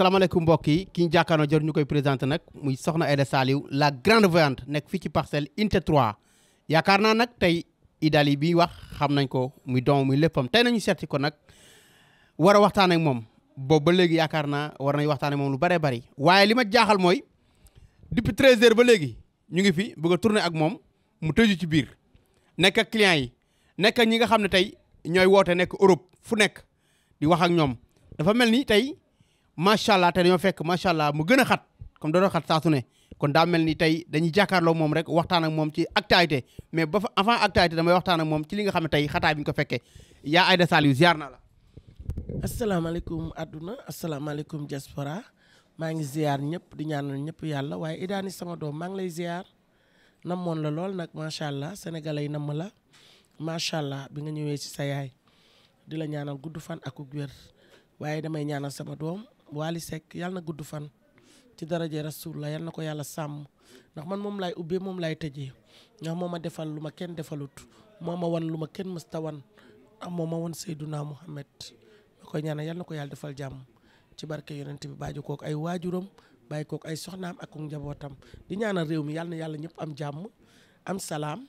salaamaaleykum mbokk yi ki ñu jàkkaarloo jër ñu koy présenté nag muy soxna Aïda Saliou la grande voyante nekk fi ci parcelle unité 3 yaakaar naa nag tey idali bi wax xam nañ ko muy doom muy léppam tey nañu seeti ko nag war a waxtaan ak moom boobu ba léegi yaakaar naa war nañu waxtaan ak moom lu bëree bari waaye li ma jaaxal mooy depuis 13 heures ba léegi ñu ngi fi bëgg a tourner ak moom mu tëju ci biir nekk ak client yi nekk ñi nga xam ne tey ñooy woote nekk Europe fu nekk di wax ak ñoom macha allah te dañoo fekk macha allah mu gën a xat comme da doon xat saa kon daa mel ni tey dañuy jàkkaarloo moom rek waxtaan ak moom ci actualité mais ba fa avant actualité damay waxtaan ak moom ci li nga xam ne tey xataa ko fekkee yaa Aida Saliou ziar na la. asalaamaaleykum adduna asalaamaaleykum diaspora maa ngi ziar ñëpp di ñaanal ñëpp yàlla waaye i idaani sama doom maa lay lay nam moon la lool nag macha allah sénégalais yi namm la macha allah bi nga ñëwee ci sa yaay di la ñaanal gudd fan ak wér waaye damay ñaanal sama doom. Waly Seck yàlla na gudd fan ci daraje rasulullah yal na ko yàlla sàmm ndax man moom laay ubbee moom laay tëjee ndax moom ma defal lu ma kenn defalut moom ma wan lu ma kenn mësta wan ndax moo ma wan Seyduna Muhammad ma koy ñaanal yàlla na ko yàlla defal jàmm ci barke yonent bi bàyyi kook ay waajuram bàyyi kook ay soxnaam ak njabootam di ñaanal réew mi yàlla na yàlla ñëpp am jàmm am salaam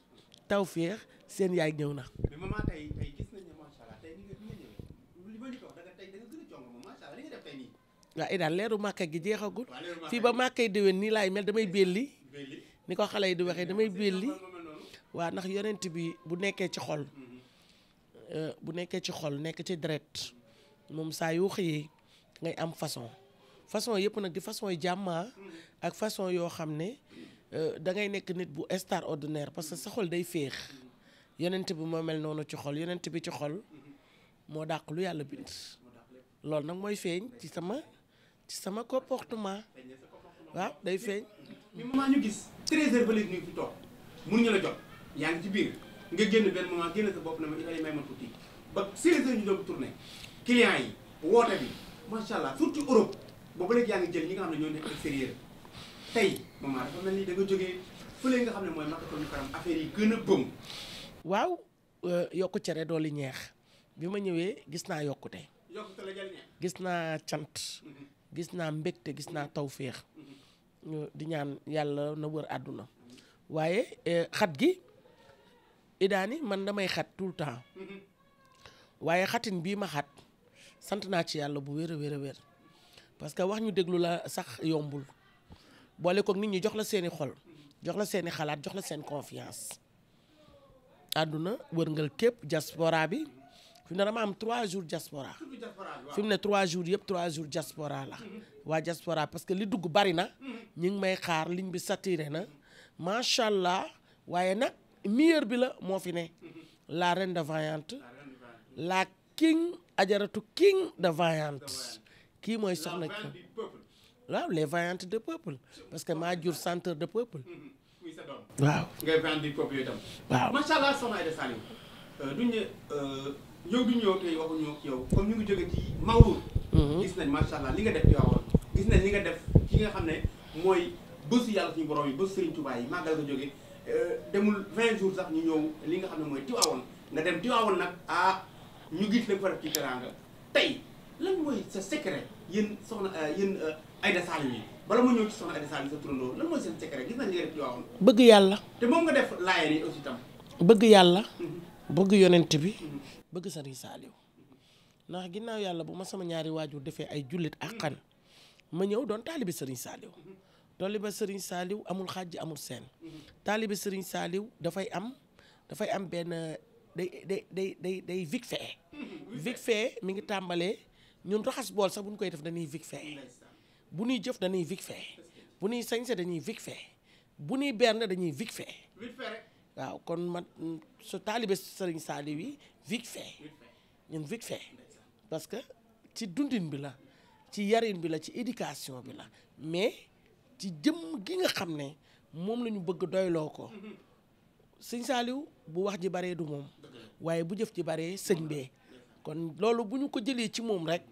tawféex seen yaay ñëw na. waaw i eh, daal leeru màkka gi jeexagul fii ba yi déwén nii laay mel damay belli ni ko xale yi di waxee damay belli waa ndax yonent bi bu nekkee ci xol eh, bu nekkee ci xol nekk ci direct moom saa yoo xëyee ngay am façon façon yëpp nag di façon yi jàmmaa ah, mm-hmm. ak façon yoo xam ne eh, da ngay nekk nit bu extraordinaire parce que sa xol day féex mm-hmm. yonent bi moo mel noonu ci xol yonent bi ci xol mm-hmm. moo dàq lu yàlla bind loolu nag mooy feeñ ci sama ci sama comportement waaw day feeñ. mais moment ñu gis 13h ba léegi ñu fi toog mënuñu la jot yaa ngi ci biir nga génn benn moment génn sa bopp na ma Italie may man tuuti ba 16h ñu doon tourné clients yi woote bi macha allah surtout Europe boobu léegi yaa ngi jël ñi nga xam ne ñoo nekk extérieur tey moment dafa mel ni da nga jógee fële nga xam ne mooy makatoon karam affaire yi gën a bëm. waaw euh, yokk cere dooli ñeex bi ma ñëwee gis naa yokkute. yokkute gis naa cant. Mhm. gis naa te gis naa taw tawféex mm-hmm. di ñaan yàlla na wër àdduna waaye eh, xat gi idaani man damay xat tout le temps mm-hmm. waaye xatin bii ma xat sant naa ci yàlla bu wér a wér a wér parce que wax ñu déglu la sax yombul boole ko nit ñi jox la seeni xol mm-hmm. jox la seeni xalaat jox la seen confiance àdduna wërngal képp diaspora bi fi mu ne trois jours diaspora fi trois jours yëpp trois jours diaspora la mm-hmm. waa diaspora parce que li dugg bari na mm-hmm. ñu ngi may xaar ligne bi saturé na macha allah waaye nag meilleur bi la moo fi ne mm-hmm. la reine de vaillante la king ajaratu king de vaillante kii mooy soxna ki waaw les vaillantes de peuple parce que ma jur centre de peuple yow du ñëw tey waxuñu ak yow comme ñu ngi jóge ci Maodo. Mhm. gis nañ macha allah li nga def ci gis nañ li nga def ci nga xam ne mooy bésu yàlla suñu borom yi bésu Serigne Touba yi màggal nga euh, demul 20 jours sax ñu ñëw li nga xam ne mooy Tiwaawoon nga dem Tiwaawoon nag ah ñu gis la fa def ci teraanga tey lan mooy sa secret yéen soxna euh, yéen euh, Aïda Saliou yi bala ma ñëw ci soxna Aïda Saliou sa turandoo lan mooy seen secret gis nañ li nga def Tiwaawoon. bëgg yàlla. te moom nga def laayeen yi aussi tam. bëgg yàlla. Mhm. bëgg yonent bi. Mhm. bëgg sëriñ Saaliw ndax ginnaaw yàlla bu ma sama ñaari waajur defee ay jullit àqan ma ñëw doon taalibi sëriñ Saaliw taalibi sëriñ Saaliw amul xaj amul seen taalibi sëriñ Saaliw dafay am dafay am benn day day day day day vite fait vite mi ngi tàmbalee ñun raxas bool sax bu ñu koy def dañuy vite bu ñuy jëf dañuy vite bu nuy sañse dañuy vite fait bu ñuy bernde dañuy vite waaw kon man su taalibe sëriñ Saliou yi vite fait ñun vite parce que ci dundin bi la ci yarin bi la ci éducation bi la mais ci jëmm gi nga xam ne moom lañu bëgg doyloo ko sëñ Saliou bu wax ji baree du moom waaye bu jëf ji baree sëñ bee kon loolu bu ñu ko jëlee ci moom rek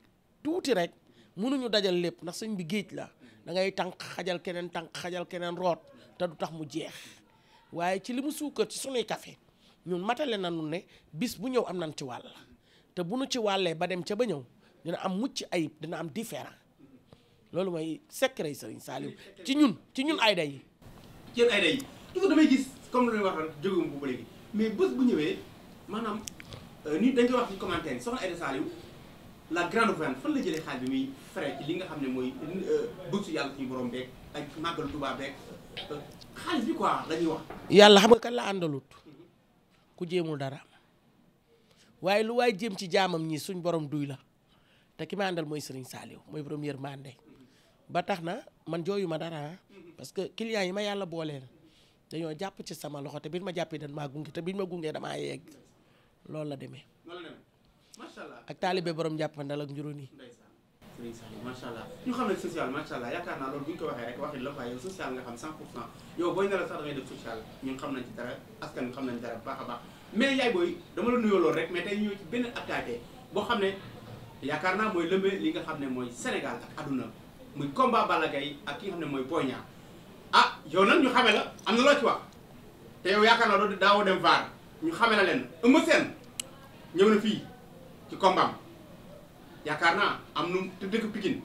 tuuti rek mënuñu dajal lépp ndax sëñ bi géej la da ngay tànk xajal keneen tànk xajal keneen root te du tax mu jeex waaye ci li mu suukar ci sunuy café ñun matale nañu ne bis bu ñëw am nañ ci wàll te bu nu ci wàllee ba dem ca ba ñëw dina am mucc ayib dina am différent loolu mooy secret Serigne Saliou ci ñun ci ñun ayda yi. ci ñun ayda yi toujours damay gis comme lu ñu waxoon mais bés bu ñëwee maanaam euh, nit dañ koy wax ci commentaire yi la grande voyante fan la jëlee xaalis bi muy frais li nga xam ne mooy euh, bëgg su yàlla suñu borom beeg ak màggal tubaab beeg xaalis bi yàlla xam nga kan la àndalut ku jéemul dara waaye lu waay jéem ci jaamam ñi suñ borom duy la te ki ma àndal mooy Serigne Saliou mooy première mandé ba tax na man jooyu ma dara parce que clients yi ma yàlla booleel dañoo jàpp ci sama loxo te biñ ma jàppee dañ maa gunge te biñ ma gungee damaa yegg loolu la demee. ak taalibe borom jàppandal ak njuróon yi. ndeysaan macha allah ñu xam ne social macha allah yaakaar naa loolu bu ñu ko waxee rek waxit la waaye yow social nga xam 100 pour cent yow booy ne sax da ngay def social ñun xam nañ ci dara askan wi xam nañ dara baax a baax mais yaay booy dama la nuyoo loolu rek mais tey ñëw boo xam ne yaakaar naa mooy lëmbee li nga xam ne mooy Sénégal ak àdduna muy combat Balla Gaye ak ki nga xam ne mooy Boy Niang ah yow nag ñu xame la am na loo ci wax te yow yaakaar naa doo daawoo dem vaar ñu xame la leen Eumeu Sène ñëw na fii ci combat yaakaar naa am nu te dëkk Pikine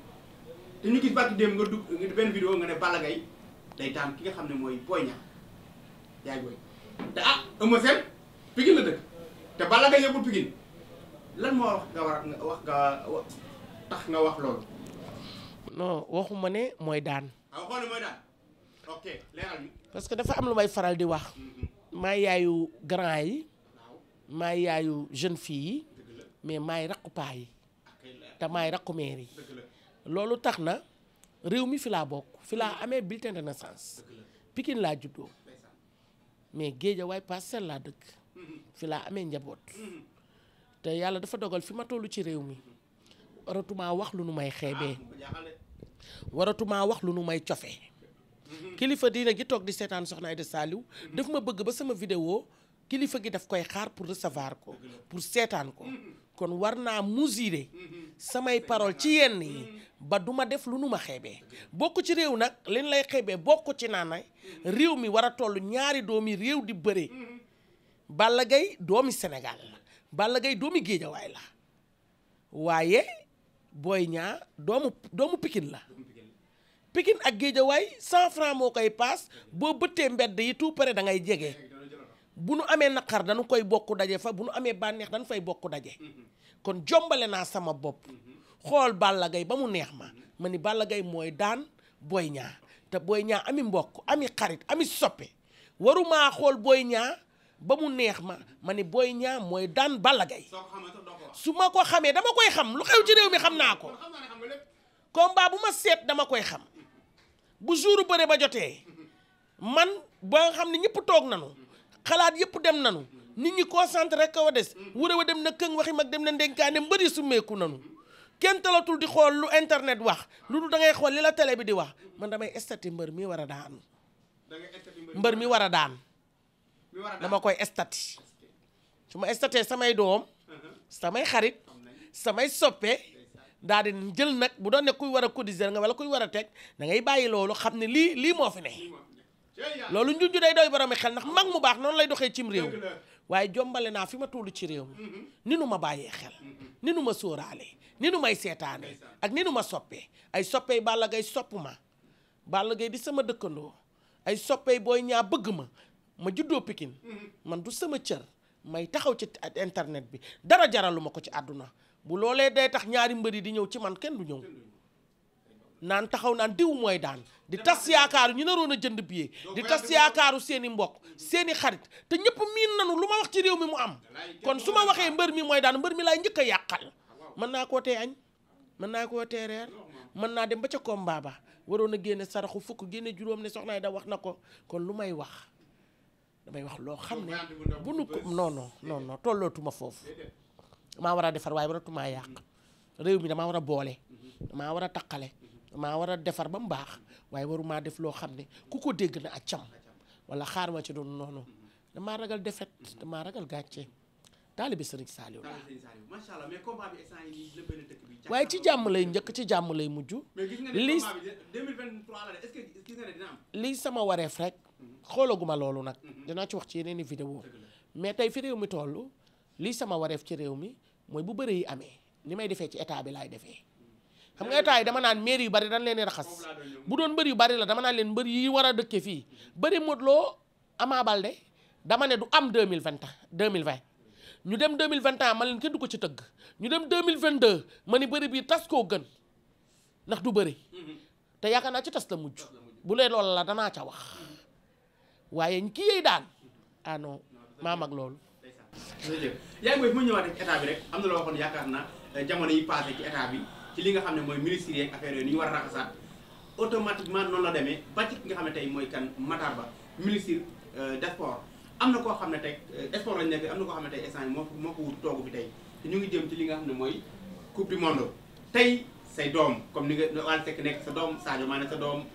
te ñu gis bàkki démb nga dugg benn vidéo nga ne Balla day daan ki nga xam ne mooy Boy Niang te ah Eumeu Sène Pikine la dëkk te Balla Gaye yëppul lan moo wax nga wax nga tax nga wax loolu. non waxuma ne mooy daan. Ah, parce que dafa am lu may faral di wax. Mm-hmm. maay yaayu grand yi. maay yaayu jeune fille yi. mais maay raqu paa yi. te maay rakku meer yi loolu tax na réew mi fi laa bokk fi laa amee bulletin de pikin laa juddoo mais Géejawaay Parcelles laa dëkk mhm. fi laa amee njaboot mhm. te yàlla dafa dogal fi ma toll ci réew mi waratumaa wax lu nu may xeebee ah, waratumaa wax lu nu may cofe mhm. kilifa diina gi toog di seetaan soxna Aïda Saliou daf ma bëgg ba sama vidéo kilifa gi daf koy xaar pour recevoir ko pour seetaan ko kon war naa mesurer samay parole ci yenn yi mm-hmm. ba duma def lu nu ma xeebee bokk ci réew nag leen lay xeebee bokk ci naana mm-hmm. réew mi war a toll ñaari doomi réew di bëree mm-hmm. Balla Gaye doomi senegal la Balla Gaye doomi Géejawaay la waaye booy Niang doomu doomu pikin la Pikine ak Géejawaay cent francs moo koy paas boo bëttee mbedd yi tout près da ngay jege bu nu amee naqar dañu koy bokk daje fa bu nu amee bànneex dañu fay bokku daje mm-hmm. kon jombale naa sama bopp mm-hmm. xool Balla Gaye ba mu neex ma ma ni Balla Gaye mooy daan Boy Niang te Boy Niang ami mbokk ami xarit ami soppe waruma xool Boy Niang ba mu neex ma ma ni Boy Niang mooy daan Balla Gaye su ma ko xamee dama koy xam lu xew ci réew mi xam naa ko combat bu ma seet dama koy xam bu jour bëre ba jotee man boo xam ne ñëpp toog nañu xalaat yëpp dem nanu nit ñi concentré rek kaw a des wure wa dem na këng waxi mag dem na ndenkaane mbëri summeeku nanu kenn talatul di xool lu internet wax lu dul da ngay xool li la télé bi di wax man damay stati mbër mi war a daan mbër mi war a daan dama koy stati su ma estatee samay doom uh-huh. samay xarit samay soppe daa di jël nag bu doon ne kuy war a cotiser nga wala kuy war a teg dangay ngay bàyyi loolu xam ne lii lii moo fi ne loolu njunju day doy boromi xel ndax mag mu baax noonu lay doxee cim réew waaye jombale naa fi ma toll ci réew mi mm-hmm. ni ma bàyyee xel mm-hmm. ni nu ma sooraale ni nu may seetaane ak ni ma soppee ay soppee Balla gay sopp ma Balla gay di sama dëkkandoo ay soppee booy ñaar bëgg ma ma juddoo Pikin mm-hmm. man du sama cër may taxaw ci internet bi dara jaralu ma ko ci àdduna bu loolee day tax ñaari mbër yi di ñëw ci man kenn du ñëw naan taxaw naan diw mooy daan di tas yaakaaru ñu naroon a jënd bii billet di tas yaakaaru seen i mbokk seeni xarit te ñëpp miin nanu lu ma wax ci réew mi mu am kon su ma waxee mbër mi mooy daan mbër mi laay njëkk a yàqal ah, mën naa koo tee añ mën naa koo tee reer mën naa dem ba ca combat ba waroon a génne saraxu fukk génne juróom ne soxnaay daw wax na ko kon lu may wax damay wax loo xam ne bu nu ko non non non non foofu damaa war a defar waaye waratuma yàq mm-hmm. réew mi damaa war a boole mm-hmm. damaa war a taqale mm-hmm. maa war a defar ba mu baax waaye warumaa def loo xam ne ku ko dégg na accam wala xaar ma ci doon noonu damaa ragal defet damaa ragal gàcce taalibe Sëriñ Saaliw bi instant yi nii la waaye ci jàmm lay njëkk ci jàmm lay mujj lii sama wareef rek mhm. xoolaguma loolu nag mhm. dinaa ci wax ci yeneen i mais tey fi réew mi toll lii sama wareef ci réew mi mooy bu bëri yi amee ni may defee ci état bi laay defee xam nga état yi dama naan maire yu bari dañ leen di raxas bu doon mbër yu bari la dama naan leen bëri yi war a dëkke fii bëri Modou loo amaa Baldé dama ne du am deux mille vingt deux mille vingt ñu dem deux mille vingt et ma leen kenn du ko ci tëgg ñu dem deux mille vingt deux ma ni bëri bii tas koo gën ndax du bëri mm-hmm. te yaakaar naa ci tas la mujj bu lee loolu la danaa ca wax waaye ki yey daan ah maa mag loolu. yaa ngi eh, jamono ci li nga xam ne mooy ministère yeeg affaire yooyu ni ñu war a raxasaat automatiquement noonu la demee ba ci nga xam ne tey mooy kan Matar Ba ministre euh, des am na koo xam ne tey euh, sport lañ nekk am na koo xam ne tey instant moo moo ko wut toogu fi tey te xam ne mooy coupe du monde tey say doom comme ni nga Wally Seck nekk sa doom Sadio Mané sa doom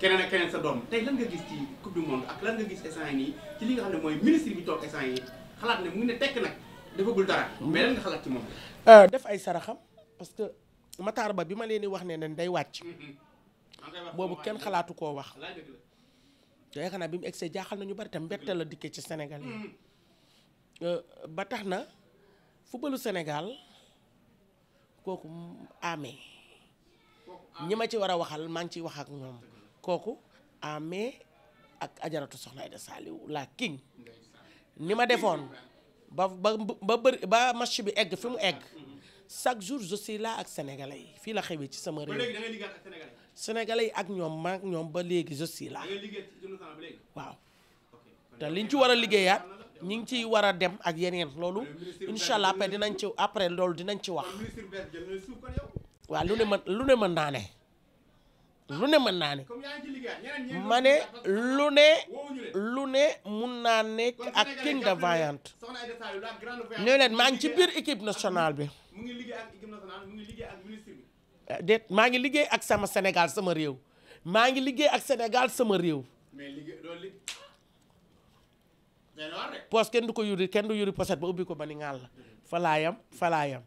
keneen ak keneen sa doom tey lan nga gis ci coupe du monde ak lan nga gis instant yi nii ci li nga xam ne mooy ministre bi toog instant yi xalaat ne mu ne tekk nag defagul dara mm-hmm. mais lan nga xalaat ci moom euh, def ay saraxam parce Matar Ba bi ma leen di wax ne nen day wàcc mhm. boobu kenn xalaatu koo wax te yaakaar bi mu egsee jaaxal nañu bari te mbette la dikkee ci Sénégal yi mhm. euh, ba tax na footballu senegal kooku amee ñi ma ci war a waxal maa ngi ciy wax ak moom kooku amee ak ajaratu soxna Aïda Saliou la king ni ma defoon ba ba ba bëri ba match bi egg fi mu egg mhm. chaque jour je suis ak sénégalais yi fii la xewee ci sama réew. sénégalais yi ak ñoom maak ñoom ba léegi je suis là waaw. te liñ ci war a liggéeyaat ñi ngi ciy war a dem ak yeneen loolu incha allah après dinañ ci après loolu dinañ ci wax waaw lu ne mën lu mën naa ne lu ne mën naa ne ma ne lu ne lu ne mun naa nekk ak king de vaillante ñooy leen maa ngi ci biir équipe nationale bi ngi eh, maa ngi liggéey ak sama Sénégal sama réew maa ngi liggéey ak Sénégal sama réew. mais liggéey kenn du ko yuri kenn du yuri poset ba ubbi ko ba ni ŋaal la falaayam falaayam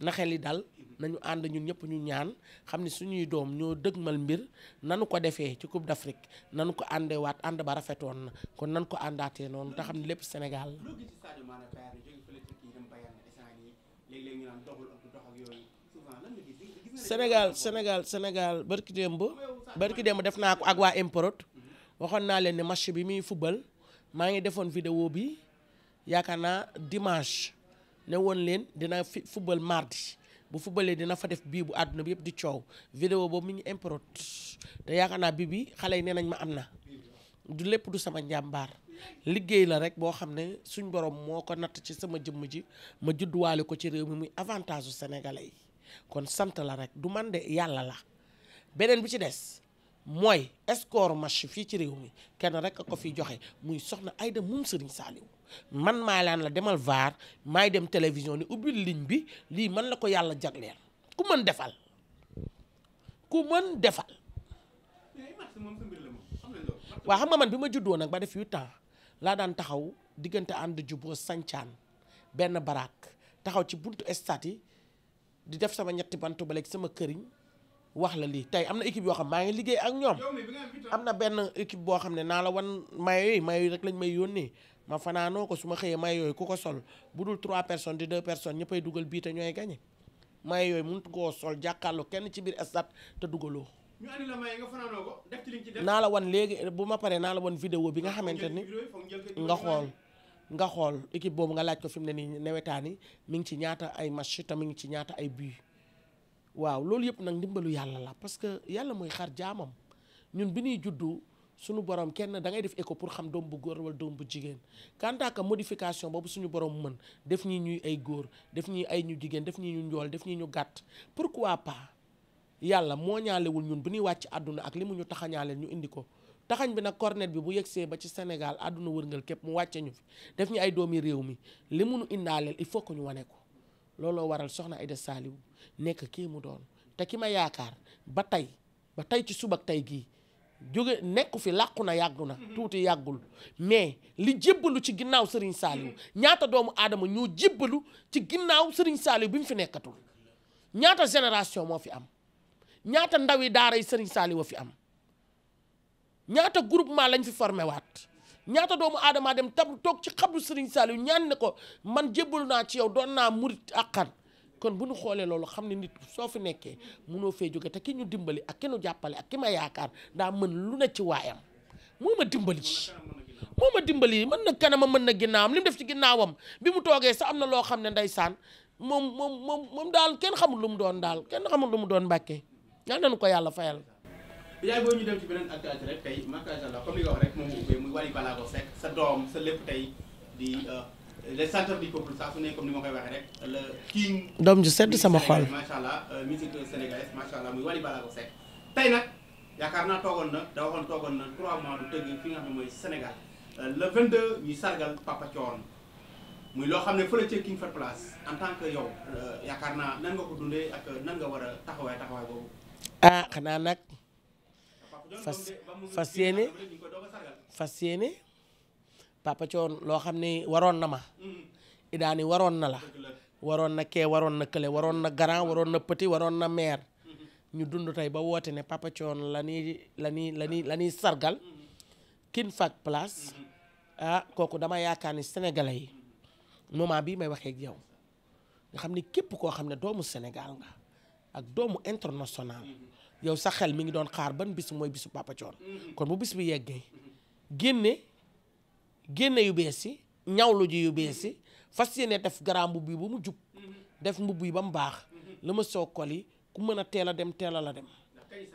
na xel yi dal nañu ànd ñun ñëpp ñu ñaan xam ne ñuy doom ñoo dëgmal mbir na nanu ko defee ci Coupe d'Afrique nu ko àndewaat ànd ba rafetoon na kon nan ko àndaatee noonu te xam ne lépp Sénégal la. Sénégal Sénégal Sénégal barki démb barki démb def naa ko ak waa Import waxoon naa leen ne match bi muy football maa ngi defoon vidéo bi yaakaar naa dimanche ne woon leen dina fi football mardi bu footballee dina fa def bii bu àdduna bi yëpp di coow vidéo boobu mi ngi Import te yaakaar naa bi bi xale yi nee nañ ma am na du lépp du sama njàmbaar liggéey la rek boo xam ne suñ borom moo ko natt ci sama jëmm ji ma judduwaale ko ci réew mi muy avantage su yi kon sant la rek du man de yàlla la beneen bi ci des mooy score match fii ci réew mi kenn rek a ko fi joxe muy soxna Aida moom Serigne Saliou man maa laan la demal vaar maay dem télévision ni ubbi ligne bi lii man la ko yàlla jagleel ku mën defal ku mën defal waa xam nga man bi ma juddoo nag ba def huit ans laa daan taxaw diggante ànd juboo sancaan benn baraak taxaw ci buntu stade yi di def sama ñetti bant ba léegi sama këriñ wax la lii tey am na équipe yoo xam maa ngi liggéey ak ñoom am na benn équipe boo xam ne naa la wan mayo yooyu mayo yi rek lañ may yónnee ma fanaanoo ko su ma xëyee mayo ku ko sol bu dul trois personnes di ñëppay dugal bii ñooy gagné mayo yooyu mënut koo sol jàkkaarloo kenn ci biir stade te dugaloo. naa la wan léegi bu ma paree naa la wan vidéo bi nga xamante ni nga xool. nga xool équipe boobu nga laaj ko fi mu ne nii nawetaani mi ngi ci ñaata ay match tam mi ngi ci ñaata ay but waaw loolu yëpp nag ndimbalu yàlla la parce que yàlla mooy xar jaamam ñun bi ñuy juddu suñu borom kenn da ngay def écho pour xam doom bu góor wal doom bu jigéen quant que modification boobu suñu borom mën def ñi ñuy ay góor def ñi ay ñu jigéen def ñi ñu njool def ñi ñu gàtt pour pourquoi pas yàlla moo ñaalewul ñun bu ñuy wàcc àdduna ak li mu ñu tax a ñaaleel ñu indi ko taxañ bi nag cornet bi bu yegsee ba ci Sénégal àdduna wërngal képp mu wàcce ñu fi def ñu ay doomi réew mi li munu indaaleel il faut que ñu wane ko looloo waral soxna Aida Saliou nekk kii mu doon te ki ma yaakaar ba tey ba tey ci subak tey gii jóge nekku fi làqu na yàggu na mhm. tuuti yàggul mais li jébbalu ci ginnaaw Serigne Saliou mhm. ñaata doomu aadama ñoo jébbalu ci ginnaaw Serigne Saliou bi mu fi nekkatul ñaata génération moo fi am ñaata ndawi daara yi Serigne Saliou a fi am ñaata groupement lañ fi formé waat ñaata doomu aadama dem tab toog ci xabru Serigne Saliou ñaan ne ko man jébbalu naa ci yow doon naa murit àqan kon bu ñu xoolee loolu xam ne nit soo fi nekkee munoo fee jóge te ki ñu dimbali ak ki ñu jàppale ak ki ma yaakaar daa mën lu ne ci waayam moo ma dimbali moo ma dimbali mën na kanama mën na ginnaawam li mu def ci ginnaawam bi mu toogee sax am na loo xam ne ndeysaan moom moom moom moom daal kenn xamul lu mu doon daal kenn xamul lu mu doon mbàkkee ñaan nañu ko yàlla fayal yaay boo ñu dem ci beneen actualité rek tey macha allah comme li nga wax rek moom doom sa lépp tey di euh, le centre du peuple saa su ne comme ni ma koy waxee rek le king. doom ju sedd sama xol macha allah euh, musique sénégalaise macha allah muy Wally Ballago Seck tey nag yaakaar naa toogoon na da waxoon toogoon na 3 mois du tëgg fi nga xam ne mooy Sénégal euh, le 22 ñu sargal Papa Thione muy loo xam ne fële ca King Fahd Palace en tant que yow yaakaar naa nan nga ko dundee ak nan nga war a taxawaay taxawaay boobu. ah fas fas yéene fas yéene papa coon loo xam ne waroon na ma idaani waroon na la waroon na kee waroon na kële waroon na grand waroon na petit waroon na maire ñu dund tey ba woote ne papa coon la ñuy la ñuy la ñuy la ñuy sargal kin faak place ah kooku dama yaakaar ni sénégalais yi moment bii may waxee ak yow nga xam ni képp koo xam ne doomu Sénégal nga ak doomu international yow sa xel mi ngi doon xaar ban bis mooy bisu Papa kon bu bis mu yeggee génne génne yu bees yi ñawlu ji yu bees yi fas yéene def grand mbubb yi ba mu jub def mbubb yi ba mu baax la ma soo kol yi ku mën a teel a dem teelal a dem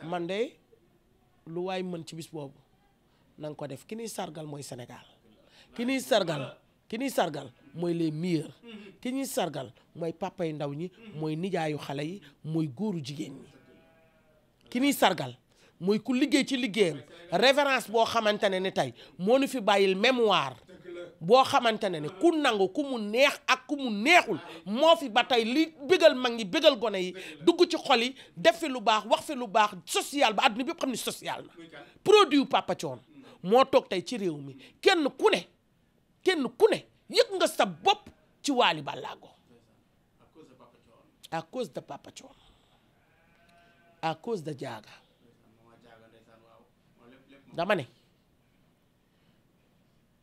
man de lu waay mën ci bis boobu na ko def ki ñuy sargal mooy Sénégal ki ñuy sargal ki ñuy sargal mooy les meilleurs ki ñuy sargal mooy papa yu ndaw ñi mooy nijaayu xale yi mooy góoru jigéen ñi ki ñuy sargal muy ku liggéey ci liggéeyam révérence boo xamante ne ni tey moo nu fi bàyyil mémoire boo xamante ne ni ku nangu ku mu neex ak ku mu neexul moo fi ba tey li bégal mag ñi bégal gone yi dugg ci xol yi def fi lu baax wax fi lu baax social ba àdduna bi yëpp xam ne social na produit Papa Thione moo toog tey ci réew mi kenn ku ne kenn ku ne yëg nga sa bopp ci Waly Ballago à a cause de Diaga dama ne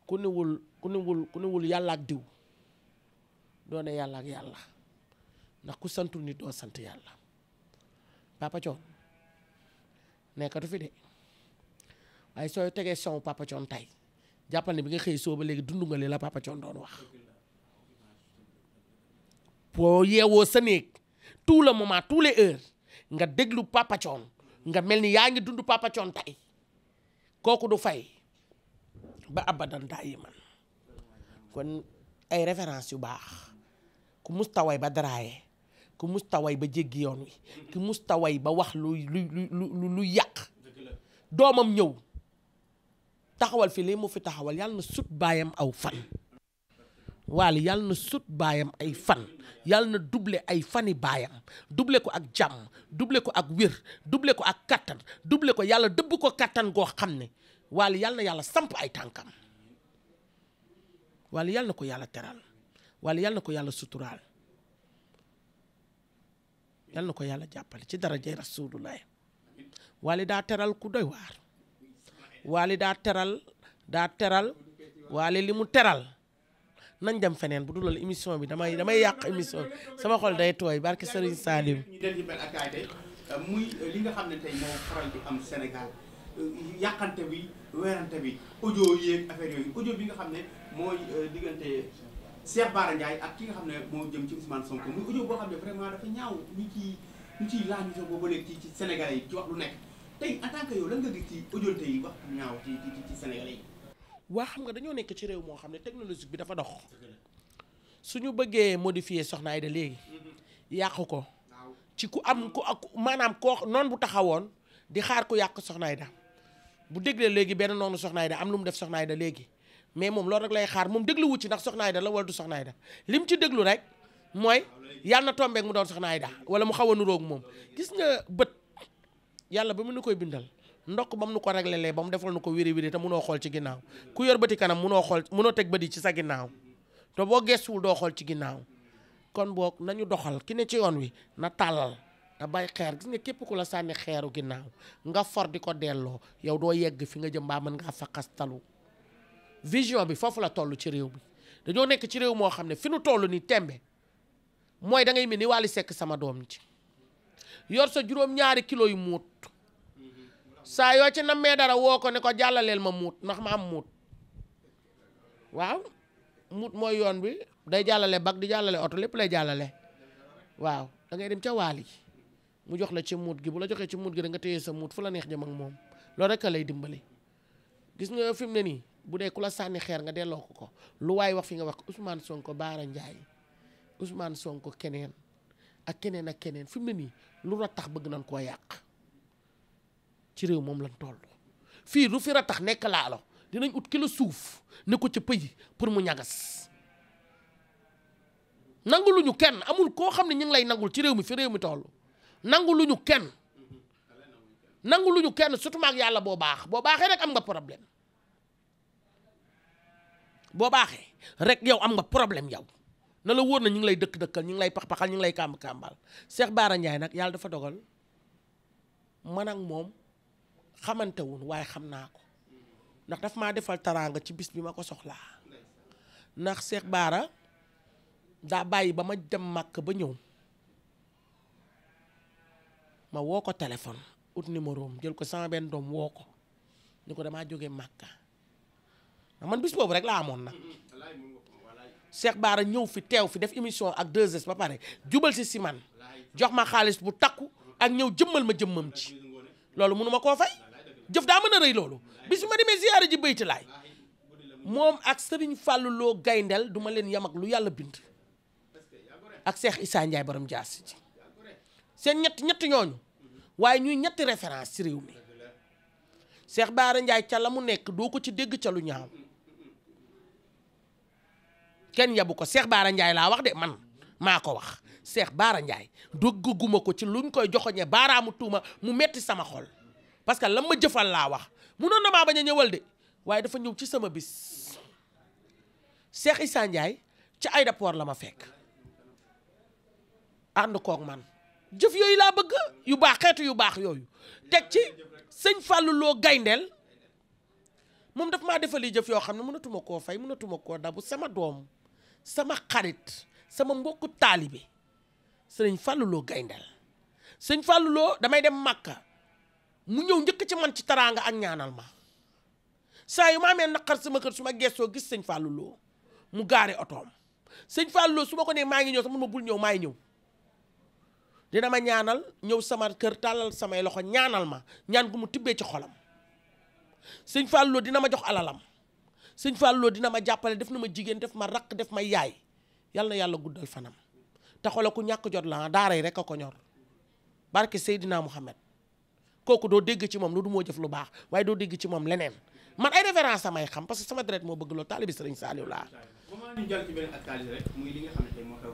ku niwul ku niwul ku niwul yàlla ak diw doo ne yàlla ak ku santul nit doo sant yàlla Papa Thione nekkatu fi de waaye sooy tegee son Papa Thione tey jàppal ne bi nga xëy soo ba léegi dund la Papa Thione doon wax boo yeewoo sa néeg tout le moment tous les heures nga déglu Papa nga mel ni yaa ngi dund Papa tey kooku du fay ba abadan daay man kon ay référence yu baax ku mustaway ba daraaye ku mustaway ba jéggi yoon wi ku mustaway ba wax lu lu lu lu yàq doomam ñëw taxawal fii lii mu fi taxawal yàlla na sut baayam aw fan Wally yàlla na sut baayam ay fan yàlla na duble ay fani baayam doublé ko ak jàmm duble ko ak wér duble ko ak kattan duble ko yàlla dëbb ko kattan goo xam ne Wally yàlla na yàlla samp ay tànkam Wally yàlla na ko yàlla teral Wally yàlla na ko yàlla suturaal yàlla na ko yàlla jàppale ci darajay rasulullah Wally daa teral ku doy waar Wally daa teral daa teral Wally li mu teral nañ dem feneen bu dul loolu émission bi damay damay yàq émission sama xol day tooy barke Serigne Salim. ñu dellu benn ak tey euh, muy euh, li nga xam ne tey moo faral di am Sénégal euh, yàqante bi weerante bi audio yeeg affaire yooyu audio bi nga xam ne mooy diggante Cheikh Bara Ndiaye ak ki xam ne moo jëm ci Ousmane Sonko muy audio boo xam ne vraiment ñaaw ñu ciy ciy laaj ñu boobu ci ci yi ci wax lu nekk tey en yow lan nga gis ci audio tey wax ñaaw ci ci yi. waa xam nga dañoo nekk ci réew moo xam ne technologie bi dafa dox su ñu bëggee modifier Soxna Aida léegi yàqu ko ci ku am ku ak maanaam koo noonu bu taxawoon di xaar ku yàq Soxna Aida bu déglee léegi benn noonu Soxna Aida am lu mu def Soxna Aida léegi mais moom loolu rek lay xaar moom dégluwu ci ndax Soxna da la wala du Soxna Aida li mu ci déglu rek mooy yàlla na tombeek mu doon Soxna Aida wala mu xaw a nuroog moom gis nga bët yàlla ba mu nu koy bindal ndokk ba mu nu ko réglelee ba mu defal nu ko wiri wiri te munoo xool ci ginnaaw ku yor bëti kanam munoo xool munoo teg bëti ci sa ginnaaw te boo gestuwul doo xool ci ginnaaw kon boog nañu doxal ki ne ci yoon wi na tàllal te bàyyi xeer gis nga képp ku la sànni xeeru ginnaaw nga for di ko delloo yow doo yegg fi nga jëm baa mën ngaa faqastalu vision bi foofu la toll ci réew bi dañoo nekk ci réew moo xam ne fi nu toll nii tembe mooy da mel ni Wally Seck sama doom ci yor sa juróom ñaari yu muut saa yoo ci mais dara woo ko ne ko jàllaleel ma muut ndax ma am muut waaw muut mooy yoon bi day jàllale bag di jàllale oto lépp lay jàllale waaw dangay dem ca waal yi mu jox la ci muut gi bu la joxee ci muut gi da nga téye sa muut fu la neex jëm ak moom loolu rek lay dimbali gis nga fi mu ne nii bu dee ku la sànni xeer nga delloo ko ko lu waaye wax fi nga wax Ousmane Sonko Baara Ndiaye Ousmane sonk keneen ak keneen ak keneen fi mu ne nii lu la tax bëgg nañ koo yàq ci réew moom lañ toll fii lu fi ratax nekk laa laalo dinañ ut kilo suuf ne ko ca pëy pour mu ñagas nanguluñu kenn amul koo xam ne ñu ngi lay nangul ci réew mi fi réew mi toll nanguluñu kenn nanguluñu kenn sutumaak yàlla boo baax boo baaxee rek am nga problème boo baaxee rek yow am nga problème yow na la wóor na ñu ngi lay dëkk dëkkal ñu ngi lay pax-paxal ñu ngi lay kàmb kàmbal Cheikh Bara Ndiaye nag yàlla dafa dogal man ak moom xamante wuñ waaye xam naa ko ndax daf maa defal taraanga ci bis bi ma ko soxlaa ndax Cheikh Baara daa bàyyi ba ma dem màkk ba ñëw ma woo ko téléphone ut numéro jël ko sama benn doom woo ko ni ko damaa jógee màkka man bis boobu rek laa amoon nag Cheikh Baara ñëw fi teew fi def émission ak 2S ba pare jubal si si man jox ma xaalis bu takku ak ñëw jëmmal ma jëmmam ci loolu mënu ma koo fay. jëf daa mën a rëy loolu bis ma demee ziyaara ji bayti moom ak sëriñ Fàllu Loo gayndel du ma leen yam lu yàlla bind ak seex Isaa Njaay borom jaas ci seen ñett ñetti ñooñu waaye ñuy ñetti reference ci réew mi seex Baara Njaay ca la mu nekk doo ko ci dégg ca lu ñaaw kenn yabu ko seex Baara Njaay laa wax de man maa ko wax seex Baara Njaay dogguma ko ci luñ koy joxoñe baaraamu tuuma mu metti sama xol parce que lan ma jëfal laa wax munoon na maa bañ a ñëwal de waaye dafa ñëw ci sama bis Cheikh Issa Ndiaye ci aéroport la ma fekk ànd koog man jëf yooyu laa bëgg yu baax xeetu yu baax yooyu teg ci sëñ Fallou gayndeel moom daf maa defali jëf yoo xam ne mënatuma koo fay mënatuma koo dabu sama doom sama xarit sama mbokku taalibe sëñ Fallou gayndeel sëñ Fallou damay dem Makka. mu ñëw njëkk ci man ci taraanga ak ñaanal ma saa yu ma amee naqar sama kër su ma gestoo gis sëñ Fallou Lo mu gaare otoom sëñ Fallou Lo su ma ko nee maa ngi ñëw sax mun ma bul ñëw maay ñëw dina ma ñaanal ñëw sama kër tàllal samay loxo ñaanal ma ñaan gu mu tibbee ci xolam sëñ Fallou Lo dina ma jox alalam sëñ Fallou Lo dina ma jàppale def na ma jigéen def ma rakk def ma yaay yàlla na yàlla guddal fanam te xoola ku ñàkk jot la daaray rek a ko ñor barke Seydina Mouhamed kooku doo dégg ci moom lu du moo jëf lu baax waaye doo dégg ci moom leneen man ay samay xam parce que sama deret moo bëgg loolu taalibi laa comment ñu jël ci moo xew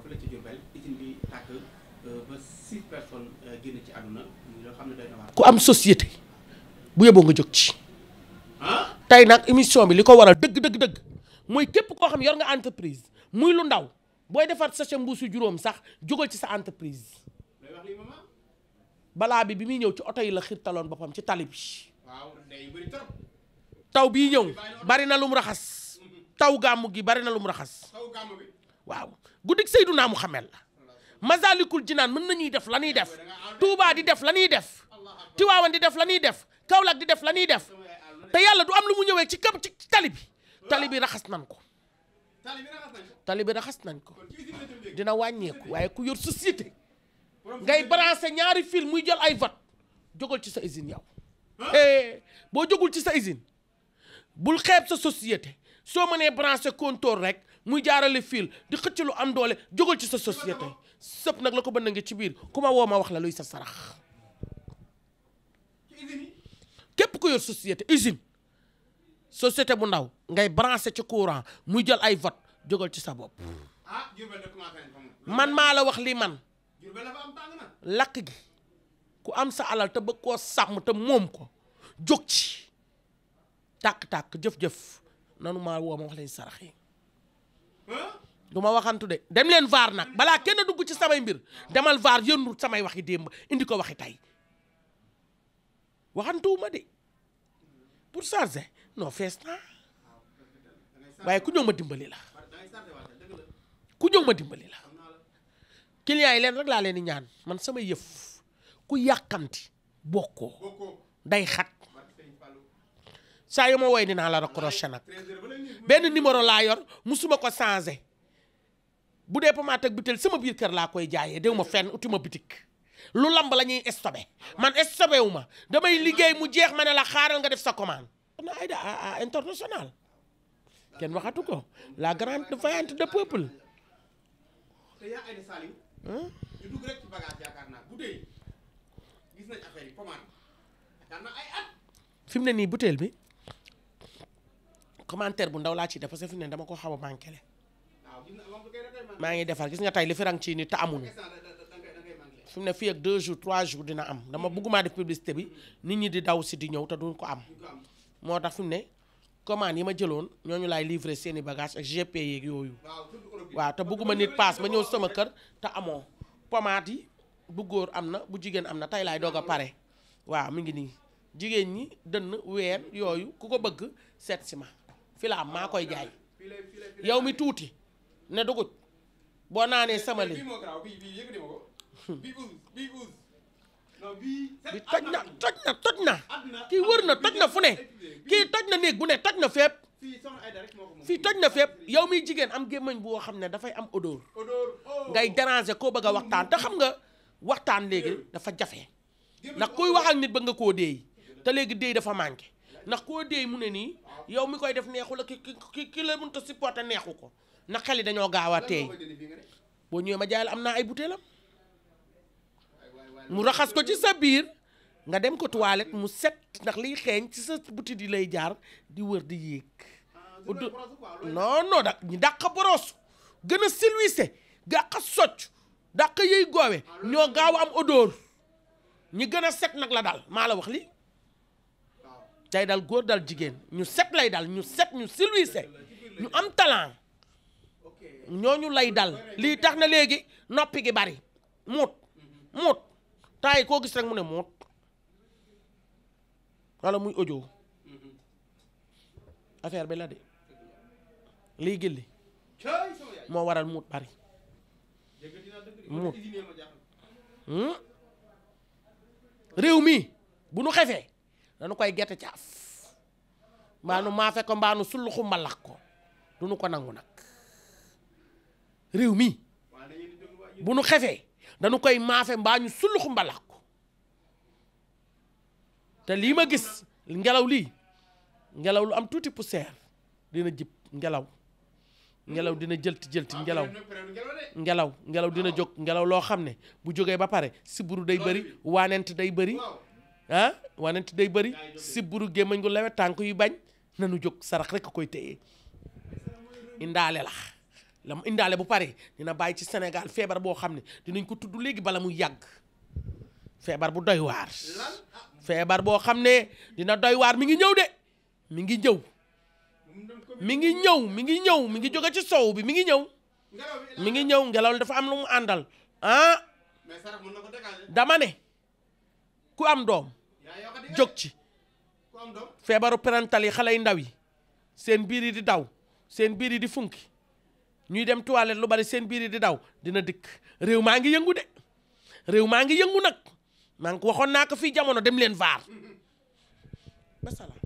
fële ci Diourbel euh, euh, ku am société bu yóbboo nga jóg ci tey nag émission bi li ko waral dëgg dëgg dëgg mooy képp koo xam yor nga entreprise muy lu ndaw booy defar sachet mbuusu juróom sax jógal ci sa entreprise balaa bi bi muy ñëw ci oto yi la xirtaloon boppam ci tali taw bii ñëw bari na mu raxas mm-hmm. taw gàmmu gi bari na lu mu raxas waaw naa mu Muhammad la Masaalikul Jinaan mën nañuy def la ñuy def Touba di def la ñuy def Tiwaawan di def la ñuy def Kaolack di def la ñuy def te yàlla du am lu mu ñëwee ci këpp ci tali bi tali bi raxas nañ ko tali bi raxas nañ ko dina wàññeeku waaye ku yor société ngay branché ñaari fil muy jël ay vote jógal ci sa usine yaw eh, boo jógul ci sa usine bul xeeb sa société soo mënee branché compteur rek muy jaarale fil di xëcc lu am doole jógal ci sa société sëpp nag la ko bënn nga ci biir ku ma woo ma wax la luy sa sarax képp ko yor société usine société bu ndaw ngay branché ci courant muy jël ay vote jógal ci sa bopp ah, man maa la wax lii man lakk gi ku am sa alal te bëgg koo sàmm te moom ko jóg ci tàkk-tàkk jëf-jëf nanu maa woo ma wax leen sarax yi du ma waxantu de dem leen vaar nag balaa kenn dugg ci samay mbir demal vaar yëndul samay waxi démb indi ko waxi tey waxantuwuma de pour charger non fees waaye ku ñëw ma dimbali la ku ñëw ma dimbali la clients yi leen rek laa leen di ñaan man sama yëf ku yàkkamti bokkoo day xat saa yu ma woy dinaa la raccroché nag benn numéro laa yor musuma ko changé bu dee pommade ak butéel sama biir kër laa koy jaayee dew ma fen uti ma bitik lu lamb la ñuy stoppé man stoppé wu damay liggéey mu jeex ma ne la xaaral nga def sa commande. na ay ah, ah, ah, kenn waxatu ko la grande vaillante de peuple. ñu fi mu ne nii butéel bi commentaire bu ndaw laa ci def parce que ne dama ko xaw a manqué maa ngi defar gis nga tey li fi rang ci ni te amuñu fi mu ne fii ak deux jours trois jours dina am dama mm-hmm. bëggumaa def publicité bi nit ñi di daw si di ñëw te duñ ko am moo tax fi ne. commande yi ma jëloon ñoo ñu laay livré seeni bagage ak GP yooyu waaw te bëgguma nit paas ma ñëw sama kër te amoo pomaat yi bu góor am na bu jigéen am na tey laay doog a pare waaw mi ngi nii jigéen ñi dënn weer yooyu ku ko bëgg seet si ma fi maa koy jaay yow mi tuuti ne duguj boo naanee sama li bi toj na toj na toj na kii wër na toj na fu ne kii toj na néeg bu ne toj na fépp fii toj na fépp yow miy jigéen am gémmañ boo xam ne dafay am odeur oh. ngay déranger koo bëgg a waxtaan te xam nga waxtaan léegi dafa jafe ndax kuy wax ak nit ba nga koo déey te léegi déey dafa manqué ndax koo déey mu ne nii yow mi koy def neexu la ki ki ki la mënut a supporter neexu ko na xel yi dañoo gaaw a teey boo ñëwee ma jaay am naa ay butéelam mu raxas ko ci sa biir nga dem ko toilette mu set ndax liy xeeñ ci sa butit yi lay jaar di wër di yéeg ah, udd non non ñu dàq boros gën a silwise a socc dàq yëy goowe ah, ñoo gaaw am odeur ñi gën a set nag la dal maa la wax li day dal góor dal jigéen ñu set lay dal ñu set ñu silwise ñu am talent ñooñu lay dal lii tax na léegi noppi gi bari muut muut taay koo gis rek mu ne moot wala muy audio affaire bi la de lii gilli moo waral muut bari muut hmm? réew mi bu nu xefee dañu koy gerte caaf mbaa nu maafe ko mbaa nu sulluxu mbalax ko du nu ko nangu nag réew mi bu nu xefee danu koy maafe mbaa ñu sulux mbalax ko te lii ma gis ngelaw lii ngelaw lu am tuuti poussière dina jib ngelaw ngelaw dina jëlti jëlti ngelaw ngelaw ngelaw dina jóg ngelaw loo xam ne bu jógee ba pare siburu day bëri waanent day bëri ah day bëri siburu gémmañ gu lewe tànk yu bañ nanu jóg sarax rek a koy téye indaale la la mu indaale bu pare dina bàyyi ci senegal feebar boo xam ne dinañ ko tudd léegi bala muy yàgg feebar bu doy waar. boo xam ne dina doy waar mi ngi ñëw de mi ngi ñëw. mi ngi ñëw mi ngi ñëw mi ngi jóge ci sow bi mi ngi ñëw. mi ngi ñëw ngelaw li dafa am lu mu àndal ah. dama ku am doom jóg ci feebaru parental yi xale yu ndaw yi seen biir yi di daw seen biir yi di funki ñuy dem toilette lu bari seen biir yi di daw dina dikk réew maa ngi yëngu de réew maa ngi yëngu nag maa ngi waxoon naa ko fii jamono dem leen vaar ba salaam.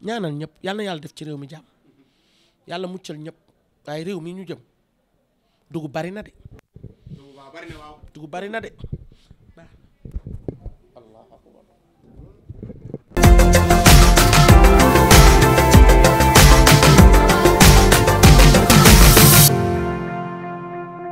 non ñaanal ñëpp yal yàlla def ci réew mi jàmm yàlla muccal ñëpp waaye réew mi ñu jëm dugub bari na de. dugub waaw de.